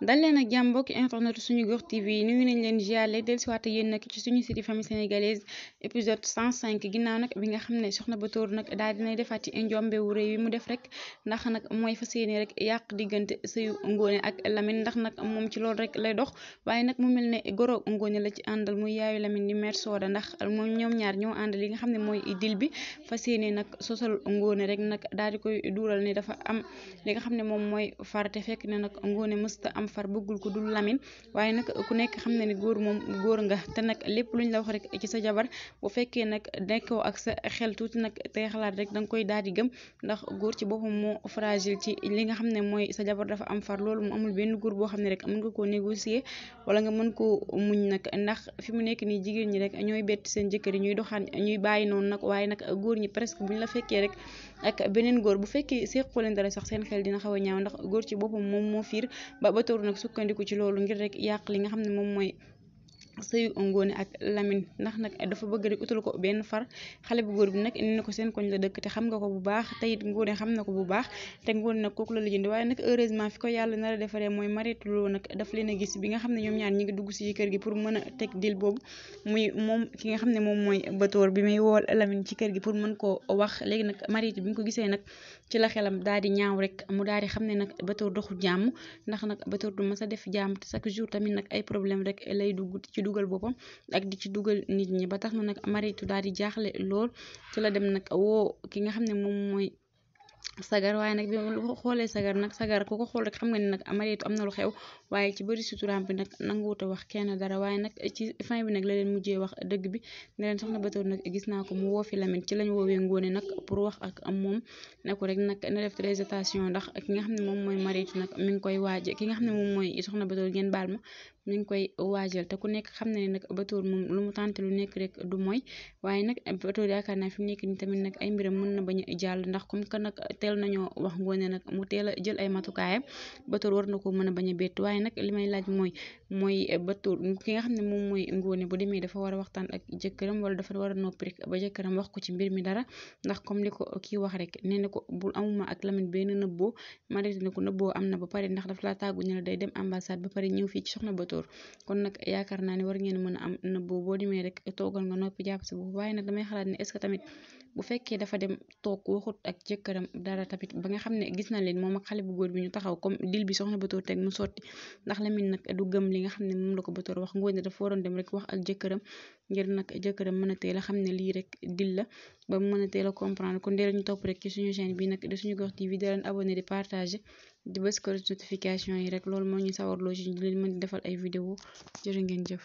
dal leen a jàmm mbokki internet suñu gox tv nuyu nañ leen giale del si waate yéen nag ci suñu série famille sénégalaise épisode cinq ginnaaw nag bi nga xam ne soxna ba tóor nag daal dinay defaat ci njombe wu réy wi mu def rek ndax nag mooy fas yéene rek yàq diggante sëyu ngóone ak Lamine ndax nag moom ci loolu rek lay dox waaye nag mu mel ne goro ngóone la ci àndal muy yaayu Lamine di mère Soda ndax moom ñoom ñaar ñoo àndal li nga xam ne mooy dil bi fas yéene nag sosal ngóone rek nag daal di koy duural ne dafa am li nga xam ne moom mooy farate fekk ne nag ngóone mësta am am far bëggul ko dul Lamine waaye nag ku nekk xam na ne góor moom goor nga te nag lépp luñ la wax rek ci sa jabar bu fekkee nag nekkoo ak sa xel tuuti nag tey xalaat rek danga koy daal di gëm ndax goor ci boppam moo fragile ci li nga xam mooy sa jabar dafa am far loolu mu amul benn boo xam ne rek mën nga koo négocier wala nga mën koo muñ nag ndax fi mu nekk nii jigéen ñi rek ñooy bett seen jëkkër yi ñuy doxaan ñuy bàyyi noonu nag waaye nag góor ñi presque buñ la fekkee rek ak beneen góor bu fekkee seqoo leen dara sax seen a moom moo fiir ba ba waru nag sukkandiku ci loolu ngir rek yàq li nga xam ne moom mooy sëyu Ngoné ak Lamine ndax nag dafa bëgg rek utal ko benn far xale bu góor bi nag indi na ko seen koñ la dëkk te xam nga ko bu baax te ngoone Ngoné xam na ko bu baax te Ngoné nag kooku la lijjanti waaye nag heureusement fi ko yàlla nar a mooy Mariétou Lo nag daf gis bi nga xam ne ñoom ñaar ñi ngi dugg si kër gi pour mën a teg dil boobu muy moom ki nga xam ne moom mooy batoor bi muy wool Lamine ci kër gi pour mën koo wax léegi nag Mariétou bi mu ko gisee nag ci la xelam daal di ñaaw rek mu daal di xam ne nag batoor doxu jàmm ndax nag batoor du ma a def jàmm te chaque jour tamit nag ay problème rek lay dugg ci dugal boppam ak di ci dugal nit ñi ba tax na nag maritu daal di jaaxle lool ci la dem nag wo ki nga xam ne moom mooy sagar waaye nag bi xoolee sagar nag sagar ku xool xam nga ne nag maritu am na lu xew waaye ci bëri suturaam bi nag nanguwut a kenn dara waaye nag ci fin bi nag la leen mujjee wax dëgg bi ne leen soxna Batoor nag gis naa ko mu woo fi Lamine ci lañ woowee Ngoné nag pour wax ak moom ne ko rek nag na def très attention ndax ki nga xam ne moom mooy maritu nag mi ngi koy waaje ki nga xam ne moom mooy soxna ngeen baal ma mi ngi koy waajal te ku nekk xam na ne nag Batoor moom lu mu tànte lu nekk rek du mooy waaye nag Batoor yaakaar naa fi mu nekk nii tamit nag ay mbiram mën na bañ a jàll ndax comme que nag teel nañoo wax ngoone nag mu teel a jël matukaayam Batoor war na ko mën a bañ a bett waaye nag li may laaj mooy mooy Batoor ki nga xam ne moom mooy ngoone bu demee dafa war a waxtaan ak jëkkëram wala dafa war a noppi rek ba jëkkëram wax ko ci mbir mi dara ndax comme li ko kii wax rek nee na ko bul amuma ak Lamine benn nëbboo ma ne ko nëbboo am na ba pare ndax daf laa tàggu ne day dem ambassade ba pare ñëw fi ci soxna Batoor suur kon nag yaakaar naa ne war ngeen a am nëbboo boo demee rek toogal nga noppi jàpp si boobu waaye nag xalaat ne est tamit bu fekkee dafa dem toog waxut ak jëkkëram dara tamit du gëm nga xam ne moom la ko Batoor wax Ngoné dafa waroon dem rek wax ak jëkkëram ngir nag jëkkëram mën a a xam ne lii rek dil la ba mu comprendre kon dee topp rek ci suñu chaîne bi nag di suñu gox TV di leen abonné di di bës ko notification yi rek loolu moo ñu sawarloo ci leen mën di defal ay vidéo jërë ngeen jëf